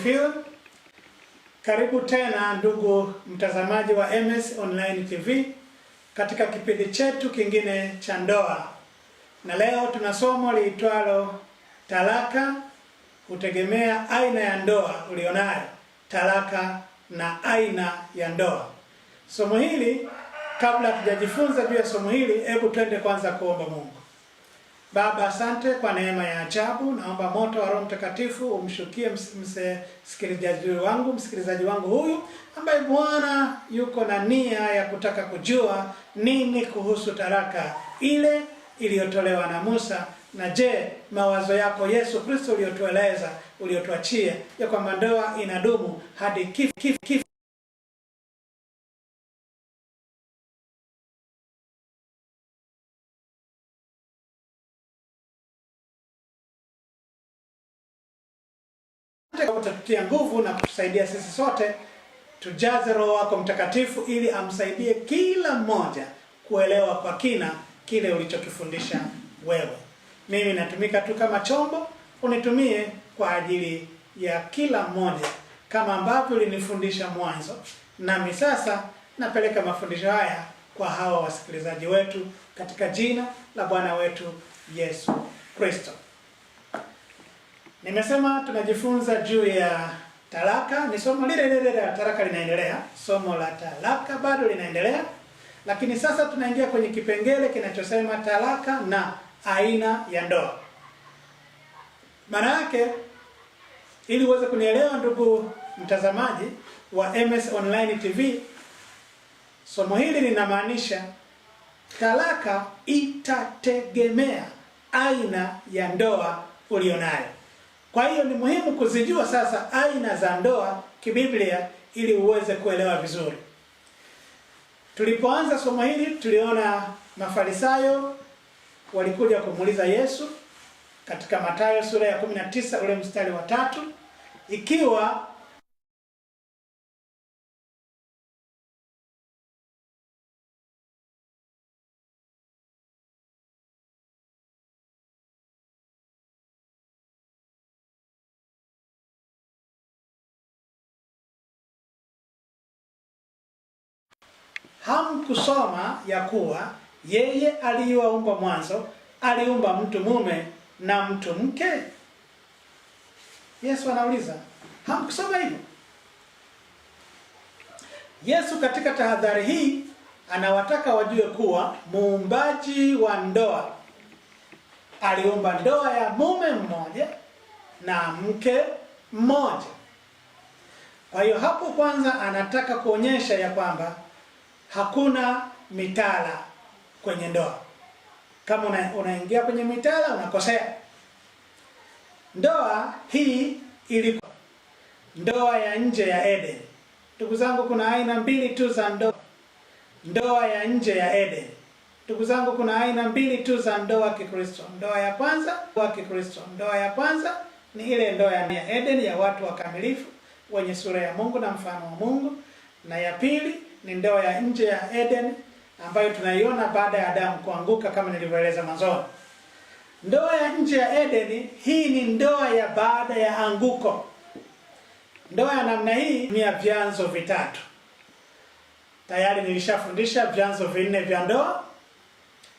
Asifiwe. Karibu tena ndugu mtazamaji wa MS Online TV katika kipindi chetu kingine cha ndoa, na leo tuna somo liitwalo talaka hutegemea aina ya ndoa ulionayo. Talaka na aina ya ndoa. Somo hili kabla tujajifunza juu ya somo hili, hebu twende kwanza kuomba Mungu. Baba, asante kwa neema ya ajabu. Naomba moto wa Roho Mtakatifu umshukie msikilizaji wangu msikilizaji wangu huyu ambaye Bwana yuko na nia ya kutaka kujua nini kuhusu taraka ile iliyotolewa na Musa, na je, mawazo yako Yesu Kristo uliyotueleza uliyotuachia ya kwamba ndoa inadumu hadi kifo. utatutia nguvu na kutusaidia sisi sote tujaze Roho wako Mtakatifu ili amsaidie kila mmoja kuelewa kwa kina kile ulichokifundisha wewe. Mimi natumika tu kama chombo, unitumie kwa ajili ya kila mmoja kama ambavyo ulinifundisha mwanzo, nami sasa napeleka mafundisho haya kwa hawa wasikilizaji wetu katika jina la Bwana wetu Yesu Kristo. Nimesema tunajifunza juu ya talaka, ni somo lile lile la talaka linaendelea. Somo la talaka bado linaendelea, lakini sasa tunaingia kwenye kipengele kinachosema talaka na aina ya ndoa. Maana yake ili uweze kunielewa, ndugu mtazamaji wa MS Online TV, somo hili linamaanisha talaka itategemea aina ya ndoa ulionayo. Kwa hiyo ni muhimu kuzijua sasa aina za ndoa kibiblia ili uweze kuelewa vizuri. Tulipoanza somo hili tuliona Mafarisayo walikuja kumuuliza Yesu katika Mathayo sura ya 19 ule mstari wa tatu ikiwa hamkusoma ya kuwa yeye aliyewaumba mwanzo aliumba mtu mume na mtu mke? Yesu anauliza, hamkusoma hivyo? Yesu katika tahadhari hii anawataka wajue kuwa muumbaji wa ndoa aliumba ndoa ya mume mmoja na mke mmoja. Kwa hiyo hapo kwanza anataka kuonyesha ya kwamba hakuna mitala kwenye ndoa. Kama una, unaingia kwenye mitala unakosea. Ndoa hii ilikuwa ndoa ya nje ya Eden. Ndugu zangu, kuna aina mbili tu za ndoa. Ndoa ya nje ya Eden. Ndugu zangu, kuna aina mbili tu za ndoa Kikristo. Ndoa ya kwanza, ndoa Kikristo. Ndoa ya kwanza ni ile ndoa ya Eden ya watu wakamilifu wenye sura ya Mungu na mfano wa Mungu, na ya pili ni ndoa ya nje ya Eden ambayo tunaiona baada ya Adamu kuanguka kama nilivyoeleza mwanzoni. Ndoa ya nje ya Eden hii ni ndoa ya baada ya anguko. Ndoa ya namna hii ni ya vyanzo vitatu. Tayari nilishafundisha vyanzo vinne vya ndoa.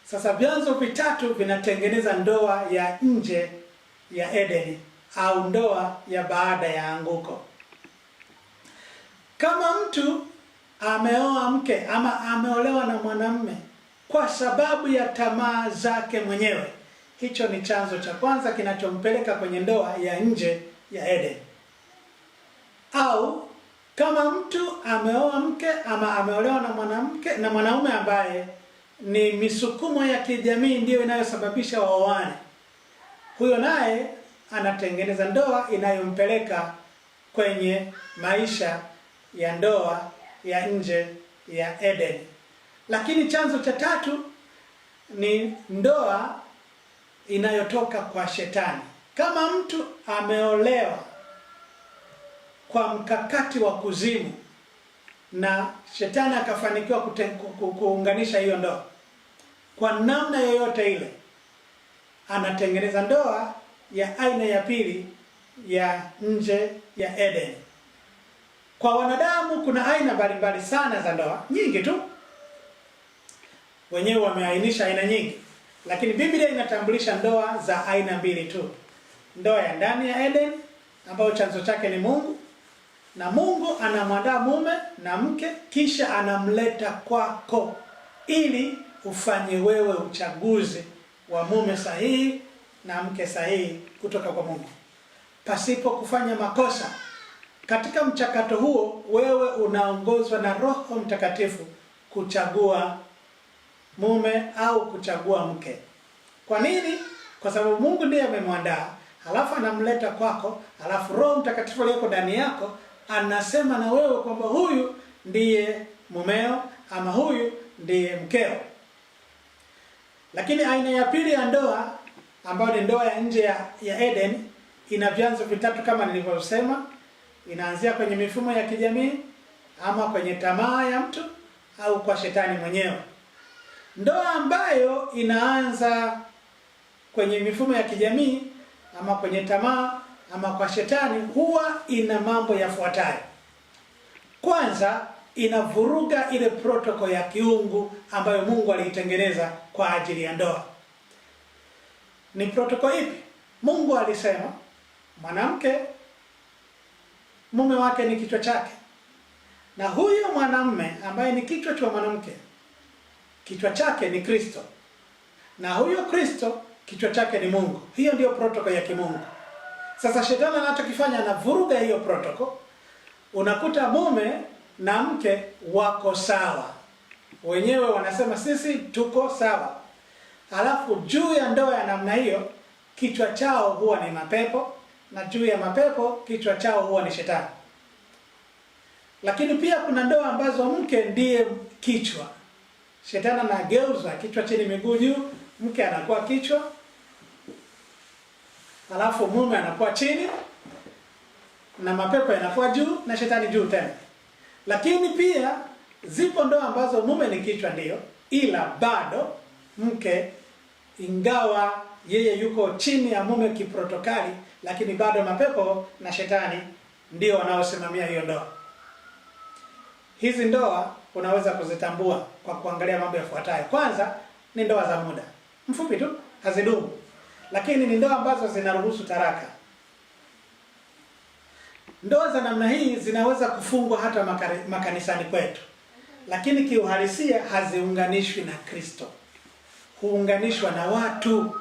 Sasa vyanzo vitatu vinatengeneza ndoa ya nje ya Eden au ndoa ya baada ya anguko. Kama mtu ameoa mke ama ameolewa na mwanamme kwa sababu ya tamaa zake mwenyewe, hicho ni chanzo cha kwanza kinachompeleka kwenye ndoa ya nje ya Eden. Au kama mtu ameoa mke ama ameolewa na mwanamke na mwanaume ambaye ni misukumo ya kijamii ndiyo inayosababisha waoane, huyo naye anatengeneza ndoa inayompeleka kwenye maisha ya ndoa ya nje ya Eden. Lakini chanzo cha tatu ni ndoa inayotoka kwa shetani. Kama mtu ameolewa kwa mkakati wa kuzimu na shetani akafanikiwa kuunganisha hiyo ndoa kwa namna yoyote ile, anatengeneza ndoa ya aina ya pili ya nje ya Eden. Kwa wanadamu kuna aina mbalimbali sana za ndoa, nyingi tu, wenyewe wameainisha aina nyingi, lakini Biblia inatambulisha ndoa za aina mbili tu: ndoa ya ndani ya Eden ambayo chanzo chake ni Mungu, na Mungu anamwandaa mume na mke, kisha anamleta kwako ili ufanye wewe uchaguzi wa mume sahihi na mke sahihi kutoka kwa Mungu pasipo kufanya makosa. Katika mchakato huo wewe unaongozwa na Roho Mtakatifu kuchagua mume au kuchagua mke. Kwa nini? Kwa sababu Mungu ndiye amemwandaa, halafu anamleta kwako, halafu Roho Mtakatifu aliyeko ndani yako anasema na wewe kwamba huyu ndiye mumeo ama huyu ndiye mkeo. Lakini aina ya pili ya ndoa ambayo ni ndoa ya nje ya, ya Eden ina vyanzo vitatu kama nilivyosema. Inaanzia kwenye mifumo ya kijamii ama kwenye tamaa ya mtu au kwa shetani mwenyewe. Ndoa ambayo inaanza kwenye mifumo ya kijamii ama kwenye tamaa ama kwa shetani huwa ina mambo yafuatayo. Kwanza, inavuruga ile protoko ya kiungu ambayo Mungu aliitengeneza kwa ajili ya ndoa. Ni protoko ipi? Mungu alisema mwanamke mume wake ni kichwa chake, na huyo mwanamme ambaye ni kichwa cha mwanamke kichwa chake ni Kristo, na huyo Kristo kichwa chake ni Mungu. Hiyo ndiyo protokoli ya kimungu. Sasa shetani anachokifanya na vuruga hiyo protokoli, unakuta mume na mke wako sawa, wenyewe wanasema sisi tuko sawa, alafu juu ya ndoa ya namna hiyo kichwa chao huwa ni mapepo na juu ya mapepo kichwa chao huwa ni shetani. Lakini pia kuna ndoa ambazo mke ndiye kichwa, shetani anageuza kichwa chini miguu juu, mke anakuwa kichwa, alafu mume anakuwa chini na mapepo yanakuwa juu na shetani juu tena. Lakini pia zipo ndoa ambazo mume ni kichwa ndiyo, ila bado mke, ingawa yeye yuko chini ya mume kiprotokali lakini bado mapepo na shetani ndio wanaosimamia hiyo ndoa. Hizi ndoa unaweza kuzitambua kwa kuangalia mambo yafuatayo. Kwanza ni ndoa za muda mfupi tu, hazidumu, lakini ni ndoa ambazo zinaruhusu taraka. Ndoa za namna hii zinaweza kufungwa hata makanisani kwetu, lakini kiuhalisia haziunganishwi na Kristo, huunganishwa na watu.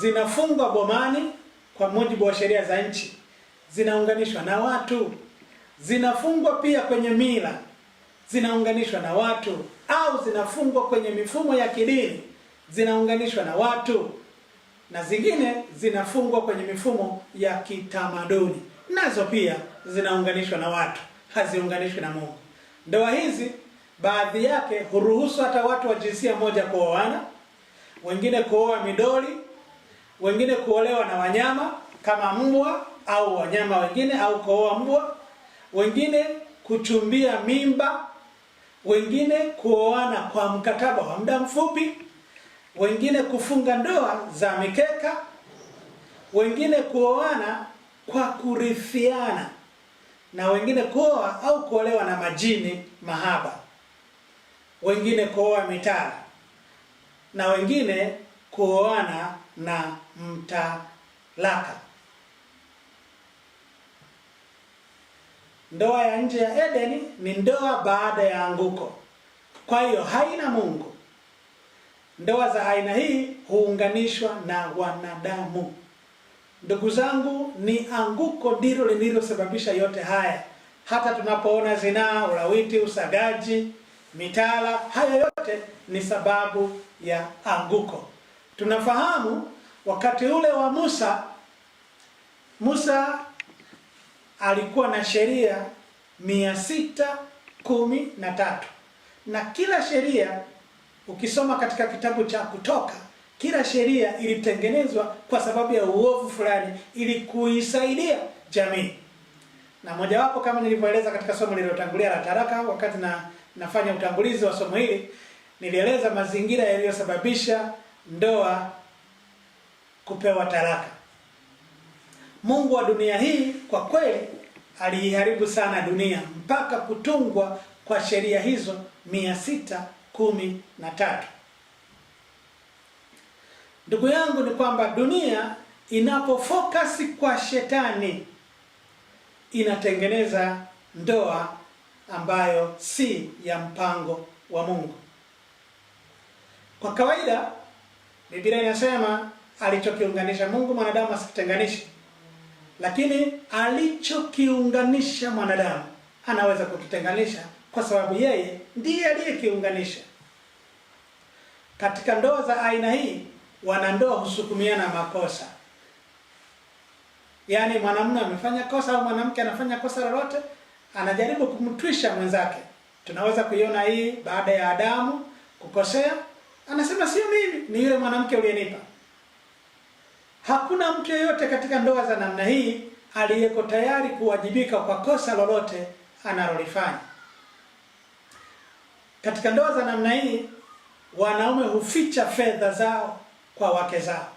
Zinafungwa bomani kwa mujibu wa sheria za nchi, zinaunganishwa na watu, zinafungwa pia kwenye mila, zinaunganishwa na watu, au zinafungwa kwenye mifumo ya kidini, zinaunganishwa na watu, na zingine zinafungwa kwenye mifumo ya kitamaduni, nazo pia zinaunganishwa na watu, haziunganishwi na Mungu. Ndoa hizi baadhi yake huruhusu hata watu wa jinsia moja kuoana, wengine kuoa midoli wengine kuolewa na wanyama kama mbwa au wanyama wengine au kuoa mbwa, wengine kuchumbia mimba, wengine kuoana kwa mkataba wa muda mfupi, wengine kufunga ndoa za mikeka, wengine kuoana kwa kurithiana, na wengine kuoa au kuolewa na majini mahaba, wengine kuoa mitara na wengine kuoana na mtalaka. Ndoa ya nje ya Edeni ni ndoa baada ya anguko, kwa hiyo haina Mungu. Ndoa za aina hii huunganishwa na wanadamu. Ndugu zangu, ni anguko ndilo lililosababisha yote haya. Hata tunapoona zinaa, ulawiti, usagaji, mitala, haya yote ni sababu ya anguko. Tunafahamu wakati ule wa Musa, Musa alikuwa na sheria mia sita kumi na tatu na kila sheria ukisoma katika kitabu cha Kutoka, kila sheria ilitengenezwa kwa sababu ya uovu fulani ili kuisaidia jamii, na mojawapo kama nilivyoeleza katika somo lililotangulia la taraka, wakati na nafanya utangulizi wa somo hili nilieleza mazingira yaliyosababisha ndoa, kupewa talaka. Mungu wa dunia hii kwa kweli aliiharibu sana dunia mpaka kutungwa kwa sheria hizo mia sita kumi na tatu. Ndugu yangu, ni kwamba dunia inapofokasi kwa shetani inatengeneza ndoa ambayo si ya mpango wa Mungu. Kwa kawaida Biblia inasema alichokiunganisha Mungu mwanadamu asikitenganishe, lakini alichokiunganisha mwanadamu anaweza kukitenganisha, kwa sababu yeye ndiye aliyekiunganisha. Katika ndoa za aina hii, wanandoa husukumiana makosa, yaani mwanamume amefanya kosa au mwanamke anafanya kosa lolote, anajaribu kumtwisha mwenzake. Tunaweza kuiona hii baada ya Adamu kukosea Anasema sio mimi, ni yule mwanamke uliyenipa. Hakuna mtu yeyote katika ndoa za namna hii aliyeko tayari kuwajibika kwa kosa lolote analolifanya. Katika ndoa za namna hii wanaume huficha fedha zao kwa wake zao,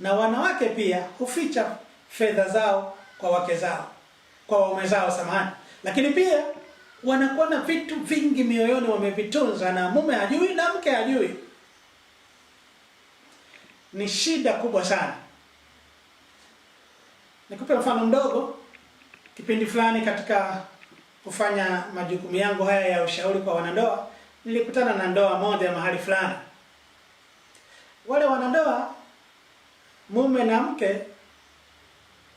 na wanawake pia huficha fedha zao kwa wake zao, kwa waume zao, samahani. Lakini pia wanakuwa na vitu vingi mioyoni wamevitunza, na mume hajui na mke hajui ni shida kubwa sana. Nikupe mfano mdogo. Kipindi fulani katika kufanya majukumu yangu haya ya ushauri kwa wanandoa, nilikutana na ndoa moja mahali fulani. Wale wanandoa mume na mke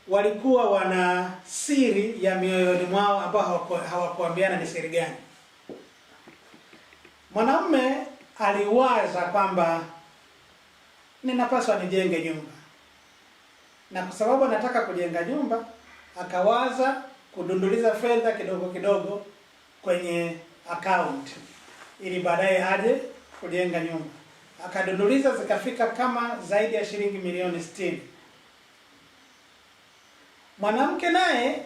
walikuwa wana siri ya mioyoni mwao ambao hawakuambiana ni siri gani. Mwanamume aliwaza kwamba ninapaswa nijenge nyumba, na kwa sababu anataka kujenga nyumba, akawaza kudunduliza fedha kidogo kidogo kwenye account ili baadaye aje kujenga nyumba. Akadunduliza zikafika kama zaidi ya shilingi milioni sitini. Mwanamke naye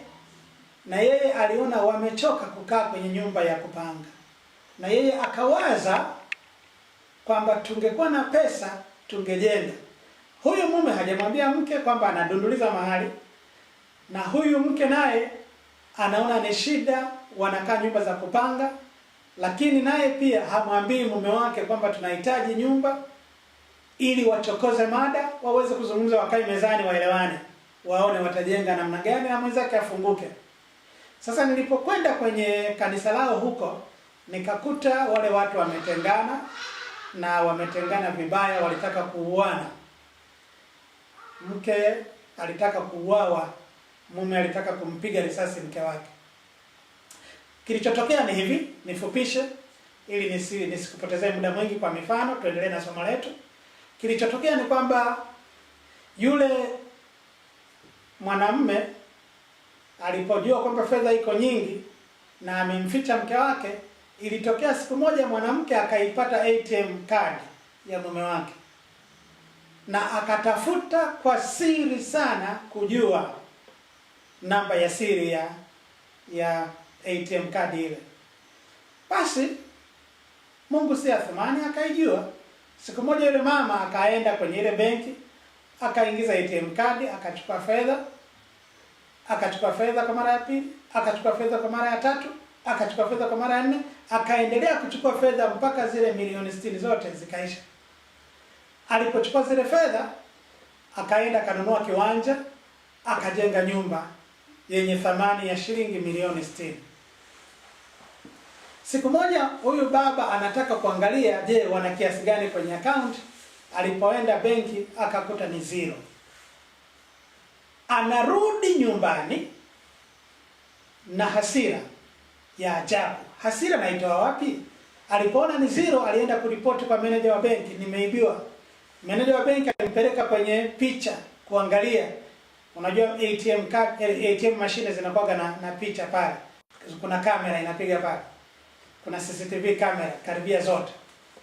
na yeye aliona wamechoka kukaa kwenye nyumba ya kupanga, na yeye akawaza kwamba tungekuwa na pesa tungejenga. Huyu mume hajamwambia mke kwamba anadunduliza mahali, na huyu mke naye anaona ni shida, wanakaa nyumba za kupanga, lakini naye pia hamwambii mume wake kwamba tunahitaji nyumba ili wachokoze mada, waweze kuzungumza, wakae mezani, waelewane, waone watajenga namna gani na mwenzake afunguke. Sasa nilipokwenda kwenye kanisa lao huko, nikakuta wale watu wametengana na wametengana vibaya, walitaka kuuana. Mke alitaka kuuawa, mume alitaka kumpiga risasi mke wake. Kilichotokea ni hivi, nifupishe ili nisikupotezee muda mwingi kwa mifano, tuendelee na somo letu. Kilichotokea ni kwamba yule mwanamume alipojua kwamba fedha iko nyingi na amemficha mke wake Ilitokea siku moja mwanamke akaipata ATM kadi ya mume wake na akatafuta kwa siri sana kujua namba ya siri ya ya ATM kadi ile. Basi Mungu si athumani, akaijua. Siku moja yule mama akaenda kwenye ile benki akaingiza ATM kadi akachukua fedha, akachukua fedha kwa mara ya pili, akachukua fedha kwa mara ya tatu akachukua fedha kwa mara ya nne, akaendelea kuchukua fedha mpaka zile milioni sitini zote zikaisha. Alipochukua zile fedha, akaenda akanunua kiwanja, akajenga nyumba yenye thamani ya shilingi milioni sitini. Siku moja huyu baba anataka kuangalia, je, wana kiasi gani kwenye akaunti. Alipoenda benki akakuta ni zero. Anarudi nyumbani na hasira ya ajabu. Hasira naitoa wapi? Alipoona ni zero, alienda kuripoti kwa meneja wa benki, nimeibiwa. Meneja wa benki alimpeleka kwenye picha kuangalia. Unajua ATM card, eh, ATM machine zinakuwa na, na picha pale, kuna kamera inapiga pale, kuna CCTV kamera karibia zote.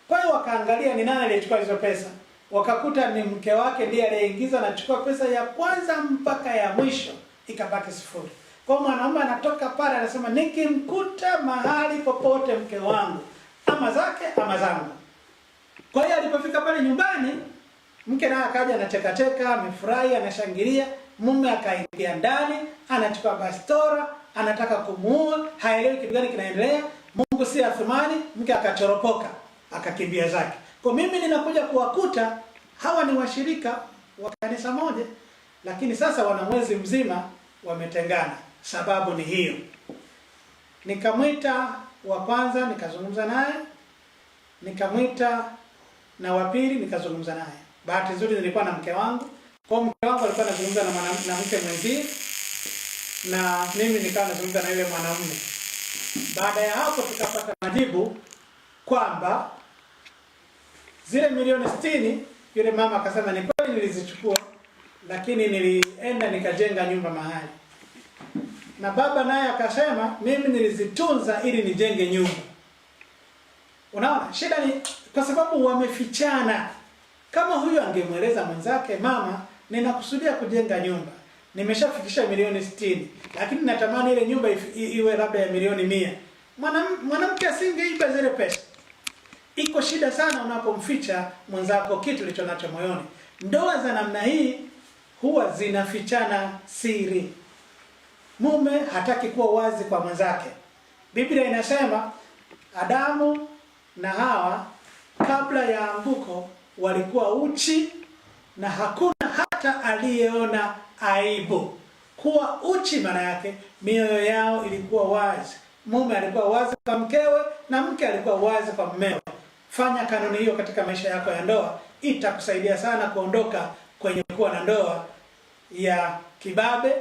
Kwa hiyo wakaangalia ni nani aliyechukua hizo pesa, wakakuta ni mke wake ndiye aliyeingiza, na chukua pesa ya kwanza mpaka ya mwisho, ikabaki sifuri. Kwa mwanaume anatoka pale anasema, nikimkuta mahali popote mke wangu ama zake ama zangu. Kwa hiyo alipofika pale nyumbani, mke naye akaja anatekateka, amefurahi, anashangilia. Mume akaingia ndani, anachukua bastora, anataka kumuua, haelewi kitu gani kinaendelea. Mungu si Athumani, mke akachoropoka, akakimbia zake. Kwa mimi ninakuja kuwakuta hawa ni washirika wa kanisa moja, lakini sasa wana mwezi mzima wametengana. Sababu ni hiyo. Nikamwita wa kwanza nikazungumza naye, nikamwita na wa pili nikazungumza naye. Bahati nzuri nilikuwa na mke wangu, kwa mke wangu alikuwa anazungumza na mwanamke mwenzie na mimi nikawa nazungumza na yule mwanamume. Baada ya hapo, tukapata majibu kwamba zile milioni sitini, yule mama akasema ni kweli nilizichukua, lakini nilienda nikajenga nyumba mahali na baba naye akasema mimi nilizitunza ili nijenge nyumba. Unaona shida ni kwa sababu wamefichana. Kama huyu angemweleza mwenzake, mama, ninakusudia kujenga nyumba, nimeshafikisha milioni sitini, lakini natamani ile nyumba iwe labda ya milioni mia, mwanamke asingeiba zile pesa. Iko shida sana unapomficha mwenzako kitu ulicho nacho moyoni. Ndoa za namna hii huwa zinafichana siri mume hataki kuwa wazi kwa mwenzake. Biblia inasema Adamu na Hawa kabla ya anguko walikuwa uchi na hakuna hata aliyeona aibu. Kuwa uchi maana yake mioyo yao ilikuwa wazi. Mume alikuwa wazi kwa mkewe na mke alikuwa wazi kwa mmewe. Fanya kanuni hiyo katika maisha yako ya ndoa, itakusaidia sana kuondoka kwenye kuwa na ndoa ya kibabe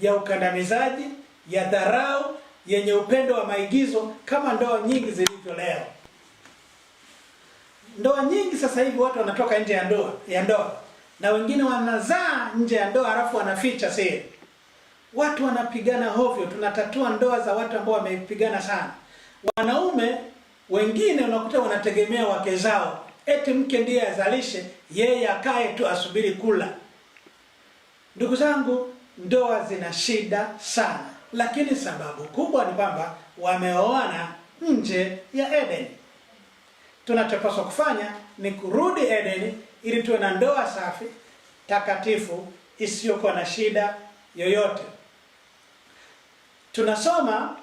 ya ukandamizaji, ya dharau, yenye upendo wa maigizo kama ndoa nyingi zilivyo leo. Ndoa nyingi sasa hivi watu wanatoka nje ya ndoa, ya ndoa. Na wengine wanazaa nje ya ndoa halafu wanaficha siri. Watu wanapigana hovyo, tunatatua ndoa za watu ambao wamepigana sana. Wanaume wengine unakuta wanategemea wake zao, eti mke ndiye azalishe, yeye akae tu asubiri kula. Ndugu zangu, ndoa zina shida sana, lakini sababu kubwa ni kwamba wameoana nje ya Edeni. Tunachopaswa kufanya ni kurudi Edeni ili tuwe na ndoa safi takatifu isiyokuwa na shida yoyote. Tunasoma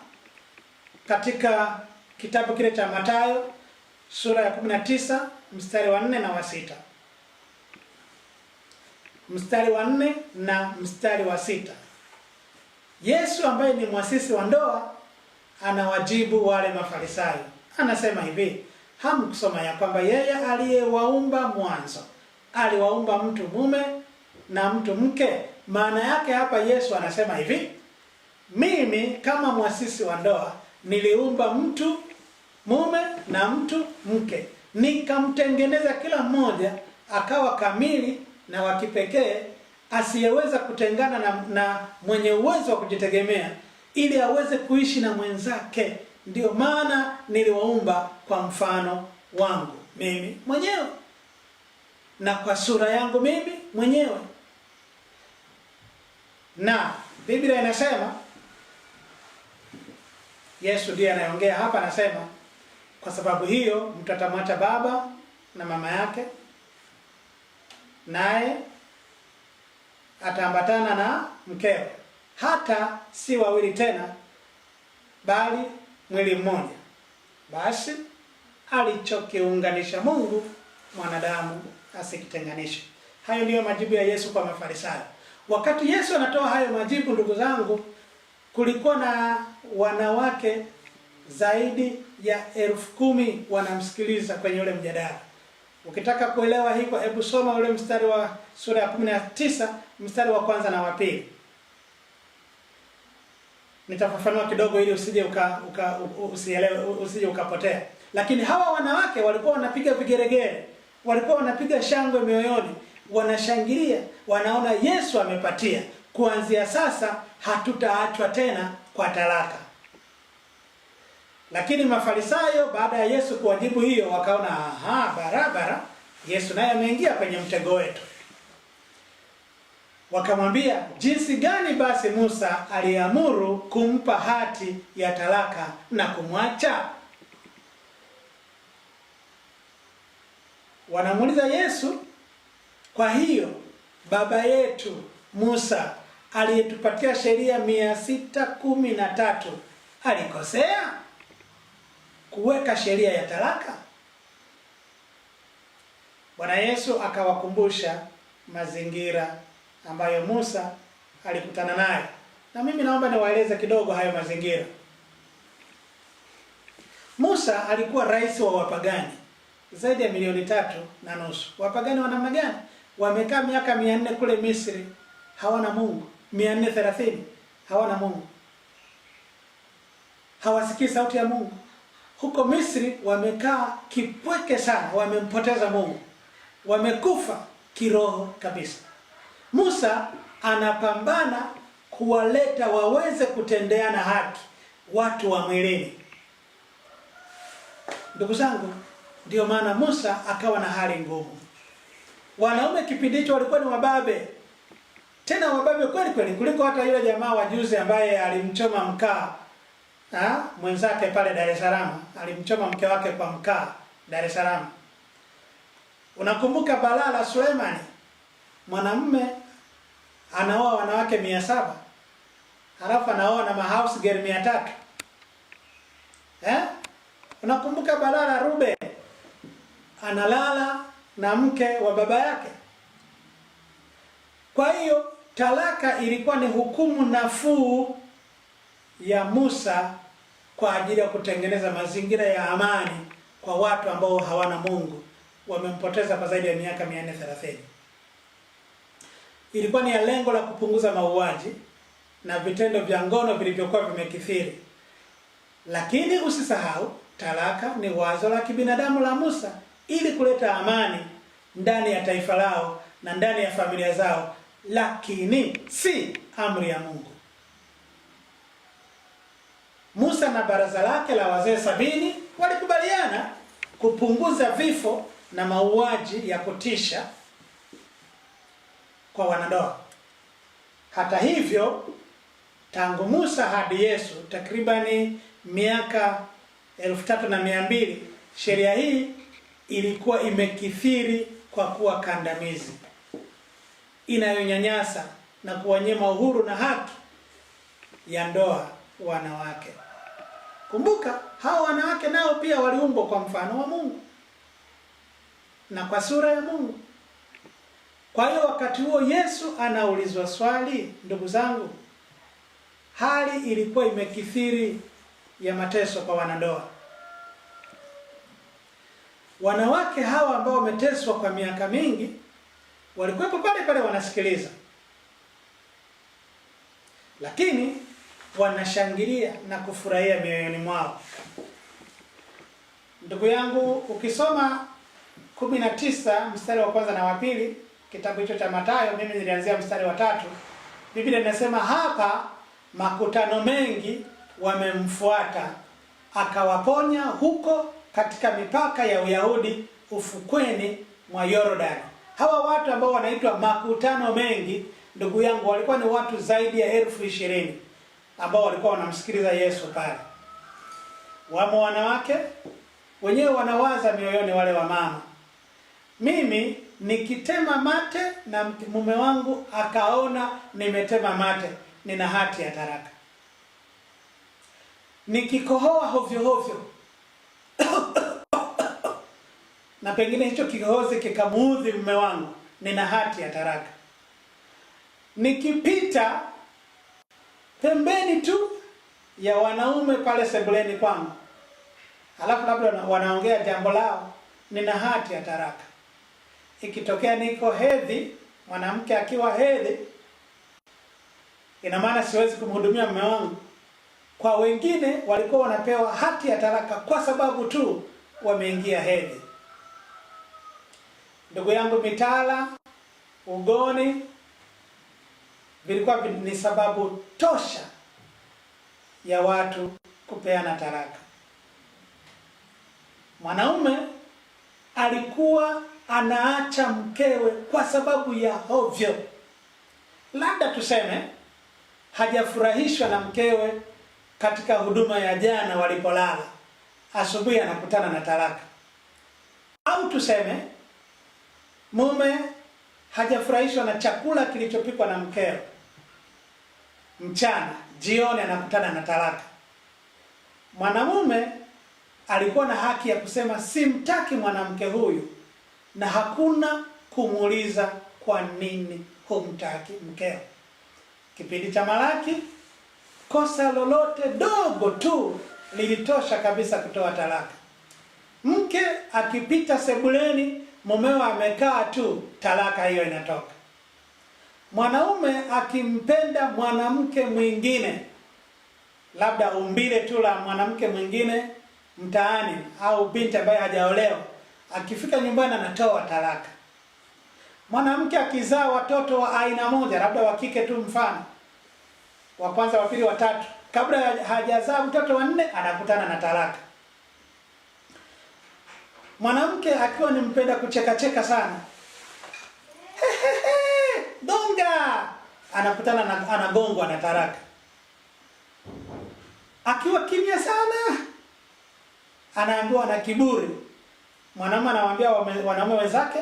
katika kitabu kile cha Mathayo sura ya 19 mstari wa 4 na wa mstari wa nne na mstari wa sita. Yesu ambaye ni mwasisi wa ndoa anawajibu wale Mafarisayo, anasema hivi, hamkusoma ya kwamba yeye aliyewaumba mwanzo aliwaumba mtu mume na mtu mke? Maana yake hapa Yesu anasema hivi, mimi kama mwasisi wa ndoa niliumba mtu mume na mtu mke, nikamtengeneza kila mmoja akawa kamili na wa kipekee asiyeweza kutengana na, na mwenye uwezo wa kujitegemea ili aweze kuishi na mwenzake. Ndiyo maana niliwaumba kwa mfano wangu mimi mwenyewe na kwa sura yangu mimi mwenyewe. Na Biblia inasema, Yesu ndiye anayeongea hapa, anasema kwa sababu hiyo mtu atamwacha baba na mama yake naye ataambatana na mkeo, hata si wawili tena, bali mwili mmoja. Basi alichokiunganisha Mungu, mwanadamu asikitenganishe. Hayo ndiyo majibu ya Yesu kwa Mafarisayo. Wakati Yesu anatoa hayo majibu, ndugu zangu, kulikuwa na wanawake zaidi ya elfu kumi wanamsikiliza kwenye ule mjadala. Ukitaka kuelewa kwa, hebu soma ule mstari wa sura ya 19 mstari wa kwanza na wa pili. Nitafafanua kidogo ili usije uka, uka usielewe usije ukapotea. Lakini hawa wanawake walikuwa wanapiga vigeregere, walikuwa wanapiga shangwe mioyoni, wanashangilia, wanaona Yesu amepatia. Kuanzia sasa hatutaachwa tena kwa talaka. Lakini Mafarisayo baada ya Yesu kuwajibu hiyo, wakaona aha, barabara Yesu naye ameingia kwenye mtego wetu. Wakamwambia, jinsi gani basi Musa aliamuru kumpa hati ya talaka na kumwacha? Wanamuuliza Yesu, kwa hiyo baba yetu Musa aliyetupatia sheria mia sita kumi na tatu alikosea? kuweka sheria ya talaka. Bwana Yesu akawakumbusha mazingira ambayo Musa alikutana naye, na mimi naomba niwaeleze kidogo hayo mazingira. Musa alikuwa rais wa wapagani zaidi ya milioni tatu na nusu. Wapagani wa namna gani? Wamekaa miaka mia nne kule Misri, hawana Mungu. mia nne thelathini hawana Mungu, hawasikii sauti ya Mungu huko Misri wamekaa kipweke sana, wamempoteza Mungu, wamekufa kiroho kabisa. Musa anapambana kuwaleta waweze kutendea na haki watu wa mwilini. Ndugu zangu, ndiyo maana Musa akawa na hali ngumu. Wanaume kipindi hicho walikuwa ni wababe, tena wababe kweli kweli, kuliko hata yule jamaa wa juzi ambaye alimchoma mkaa na mwenzake pale Dar es Salaam, alimchoma mke wake kwa mkaa Dar es Salaam. Unakumbuka balaa la Sulemani, mwanamume anaoa wanawake mia saba halafu anaoa na mahouse girl mia tatu eh? Unakumbuka balaa la Rube, analala na mke wa baba yake. Kwa hiyo talaka ilikuwa ni hukumu nafuu ya Musa kwa ajili ya kutengeneza mazingira ya amani kwa watu ambao hawana Mungu, wamempoteza kwa zaidi ya miaka 430. Ilikuwa ni ya lengo la kupunguza mauaji na vitendo vya ngono vilivyokuwa vimekithiri. Lakini usisahau talaka ni wazo la kibinadamu la Musa ili kuleta amani ndani ya taifa lao na ndani ya familia zao, lakini si amri ya Mungu. Musa na baraza lake la wazee sabini walikubaliana kupunguza vifo na mauaji ya kutisha kwa wanandoa. Hata hivyo, tangu Musa hadi Yesu takribani miaka elfu tatu na mia mbili sheria hii ilikuwa imekithiri kwa kuwa kandamizi inayonyanyasa na kuwanyima uhuru na haki ya ndoa wanawake. Kumbuka hao wanawake nao pia waliumbwa kwa mfano wa Mungu na kwa sura ya Mungu. Kwa hiyo wakati huo Yesu anaulizwa swali, ndugu zangu, hali ilikuwa imekithiri ya mateso kwa wanandoa. Wanawake hawa ambao wameteswa kwa miaka mingi walikuwepo pale pale wanasikiliza, lakini wanashangilia na kufurahia mioyoni mwao. Ndugu yangu, ukisoma kumi na tisa mstari wa kwanza na wa pili kitabu hicho cha Mathayo, mimi nilianzia mstari wa tatu. Biblia inasema hapa makutano mengi wamemfuata, akawaponya huko katika mipaka ya Uyahudi ufukweni mwa Yordani. Hawa watu ambao wanaitwa makutano mengi, ndugu yangu, walikuwa ni watu zaidi ya elfu ishirini ambao walikuwa wanamsikiliza Yesu pale. Wamo wanawake wenyewe wanawaza mioyoni, wale wamama, mimi nikitema mate na mume wangu akaona nimetema mate, nina hati ya taraka. Nikikohoa hovyo hovyo na pengine hicho kikohozi kikamuudhi mume wangu, nina hati ya taraka. Nikipita pembeni tu ya wanaume pale sebuleni kwangu, alafu labda wanaongea jambo lao, nina hati ya taraka. Ikitokea niko hedhi, mwanamke akiwa hedhi, ina maana siwezi kumhudumia mume wangu. Kwa wengine walikuwa wanapewa hati ya taraka kwa sababu tu wameingia hedhi. Ndugu yangu, mitala, ugoni vilikuwa ni sababu tosha ya watu kupeana talaka. Mwanaume alikuwa anaacha mkewe kwa sababu ya hovyo, labda tuseme hajafurahishwa na mkewe katika huduma ya jana walipolala, asubuhi anakutana na talaka. Au tuseme mume hajafurahishwa na chakula kilichopikwa na mkewe mchana, jioni anakutana na talaka. Mwanamume alikuwa na haki ya kusema simtaki mwanamke huyu, na hakuna kumuuliza kwa nini humtaki mkeo. Kipindi cha Malaki, kosa lolote dogo tu lilitosha kabisa kutoa talaka. Mke akipita sebuleni, mumewa amekaa tu, talaka hiyo inatoka mwanaume akimpenda mwanamke mwingine, labda umbile tu la mwanamke mwingine mtaani au binti ambaye hajaolewa, akifika nyumbani anatoa talaka. Mwanamke akizaa watoto wa aina moja, labda wa kike tu, mfano wa kwanza, wa pili, wa tatu, kabla hajazaa mtoto wa nne, anakutana na talaka. Mwanamke akiwa ni mpenda kuchekacheka sana gonga, anakutana na anagongwa na taraka. Akiwa kimya sana, anaambiwa na kiburi. Mwanamume anawaambia wanaume wenzake,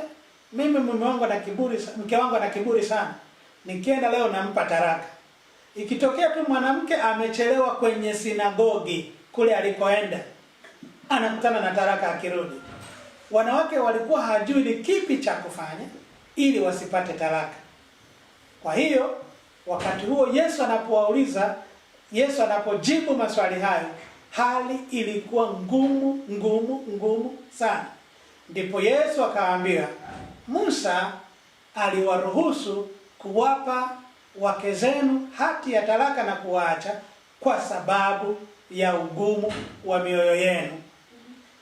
mimi mume wangu na kiburi, mke wangu na kiburi sana, nikienda leo nampa taraka. Ikitokea tu mwanamke amechelewa kwenye sinagogi kule alikoenda, anakutana na taraka akirudi. Wanawake walikuwa hajui ni kipi cha kufanya ili wasipate taraka. Kwa hiyo wakati huo Yesu anapowauliza, Yesu anapojibu maswali hayo, hali ilikuwa ngumu ngumu ngumu sana. Ndipo Yesu akawaambia, Musa aliwaruhusu kuwapa wake zenu hati ya talaka na kuwaacha kwa sababu ya ugumu wa mioyo yenu.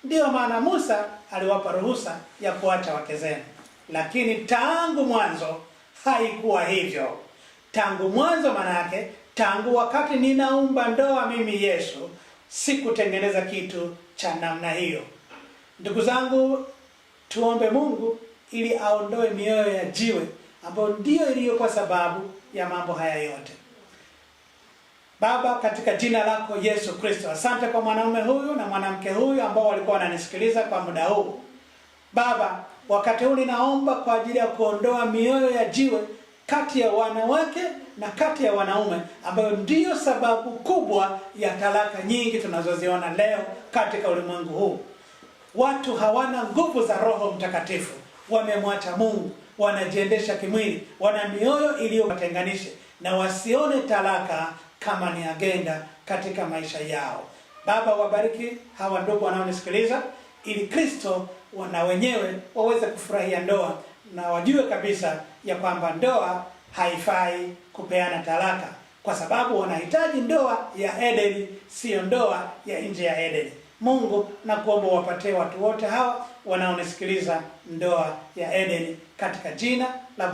Ndiyo maana Musa aliwapa ruhusa ya kuacha wake zenu, lakini tangu mwanzo haikuwa hivyo tangu mwanzo. Manake tangu wakati ninaumba ndoa mimi Yesu sikutengeneza kitu cha namna hiyo. Ndugu zangu, tuombe Mungu ili aondoe mioyo ya jiwe ambayo ndiyo iliyo kwa sababu ya mambo haya yote. Baba, katika jina lako Yesu Kristo, asante kwa mwanaume huyu na mwanamke huyu ambao walikuwa wananisikiliza kwa muda huu Baba. Wakati huu ninaomba kwa ajili ya kuondoa mioyo ya jiwe kati ya wanawake na kati ya wanaume ambayo ndiyo sababu kubwa ya talaka nyingi tunazoziona leo katika ulimwengu huu. Watu hawana nguvu za Roho Mtakatifu, wamemwacha Mungu, wanajiendesha kimwili, wana mioyo iliyowatenganisha na wasione talaka kama ni agenda katika maisha yao. Baba, wabariki hawa ndugu wanaonisikiliza ili Kristo wana wenyewe waweze kufurahia ndoa na wajue kabisa ya kwamba ndoa haifai kupeana talaka, kwa sababu wanahitaji ndoa ya Edeni, siyo ndoa ya nje ya Edeni. Mungu na kuomba wapatie watu wote hawa wanaonisikiliza ndoa ya Edeni katika jina la Bwana.